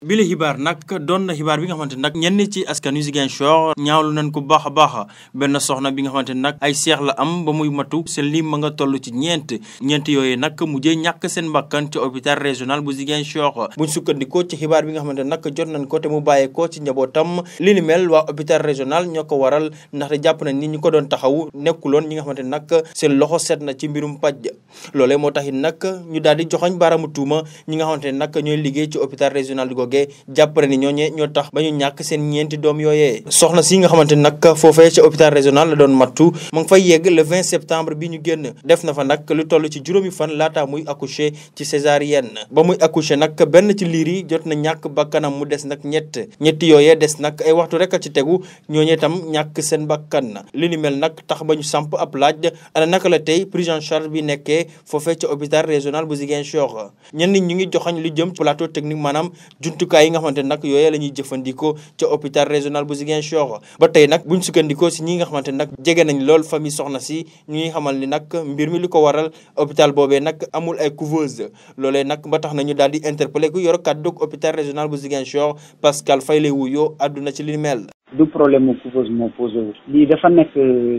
bile hibar nak dona na hibar bi nga xamanteni nak ñenn ci askan yu Ziguinchor ñaawlu nañ ko baax a baax benn soxna bi nga xamanteni nak ay cheikh la am ba muy matu seen lim ma nga tollu ci ñent ñeent nak mu jé ñak seen mbakan ci hôpital régional bu Ziguinchor bu sukkandiko ci hibar bi nga xamanteni nak jot nañ ko te mu ko ci njabotam li ni mel wa hôpital régional ñoko waral waral da japp nañ ni ñu ko doon taxaw nekkuloon ñi nga xamanteni nak seen loxo set na ci mbirum paj lolé mo taxit nak ñu daldi di baramu baaraamu tuuma ñi nga xamanteni nak ñoy liggé ci hôpital régional googee jàpp ni ñooñee ñoo tax ba ñu ñàkk seen ñeenti doom yooyee soxna si nga xamante ni nag foofee ca hôpital régional la doon mattu mu ngi fay yegg le 20 septembre bi ñu génn def na fa nag lu toll ci juróomi fan laata muy accoucher ci césarienne ba muy accoucher nag benn ci liir yi jot na ñàkk bakkanam mu des nag ñett ñetti yooyee des nag ay waxtu rek a ci tegu ñooñee tam ñàkk seen bakkan li ni mel nag tax ba ñu samp ab laaj ana naka la tey prise en charge bi nekkee foofee ca hôpital régional bu Ziguinchor ñenn ñi ngi joxañ lu jëm plateau technique maanaam jumtukaay yi nga xamante nag yooye lañuy jëfandikoo ca hôpital régional bu Ziguinchor ba tey nag buñ sukkandikoo si ñi nga xamante nag jege nañ lool famille soxna si ñuy xamal ni nag mbir mi li ko waral hôpital boobee nag amul ay couveuse loolee nag ba tax nañu daal di interpellé ku yor kàddu hôpital régional bu Ziguinchor Pascal Faye lay wuyoo àdduna ci li mel du problème mu couveuse moo posé wu. lii dafa nekk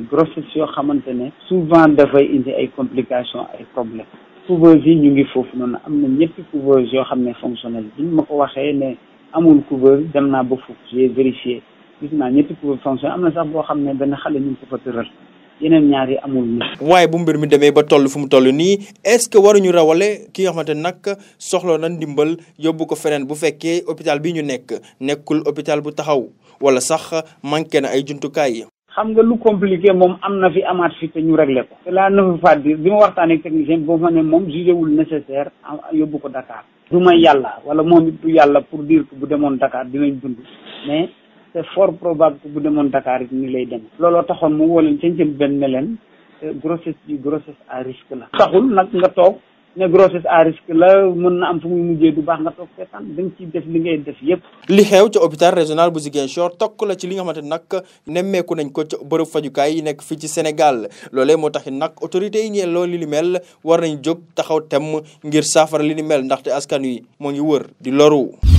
grossesse yoo xamante ne. souvent dafay indi ay complications ay problèmes. couveuse yi ñu ngi foofu noonu am na ñetti couveuse yoo xam ne fonctionnel bi ma ko waxee ne amul couveuse dem naa ba foofu j'ai vérifié gis naa ñetti couveuse fonctionnel am na sax boo xam ne benn xale ñu ngi ko fa tëral yeneen ñaar yi amul ñu waaye bu mbir mi demee ba toll fu mu toll nii est-ce que waruñu rawale kii nga xamante nag soxla na ndimbal yóbbu ko feneen bu fekkee hôpital bi ñu nekk nekkul hôpital bu taxaw wala sax manqué na ay jumtukaay yi xam nga lu compliqué moom am na fi amaat fi te ñu réglé ko cela ne veut pas dire bi ma waxtaanee technicien bi boobu ma ne moom jugé wul nécessaire ah, yóbbu ko Dakar du ma yàlla wala moom it du yàlla pour dire que bu demoon dakaar dinañ dund mais c'est fort probable que bu demoon Dakar it ni lay dem looloo taxoon mu woo leen ca njëm benn ne leen eh, grossesse bi grossesse à risque la taxul nag nga toog ne grossesse à risque la mën na am fu muy mujjee du baax nga toog seetaan da def li ngay def yépp li xew ca hôpital régional bu Ziguinchor tokk la ci li nga xamante nag nemmeeku nañ ko ca bërëb fajukaay yi nekk fii ci Sénégal loole moo tax nag autorités yi ñeel loolu li mel war nañ jóg taxaw temm ngir saafara li ni mel ndaxte askan wi moo ngi wër di loru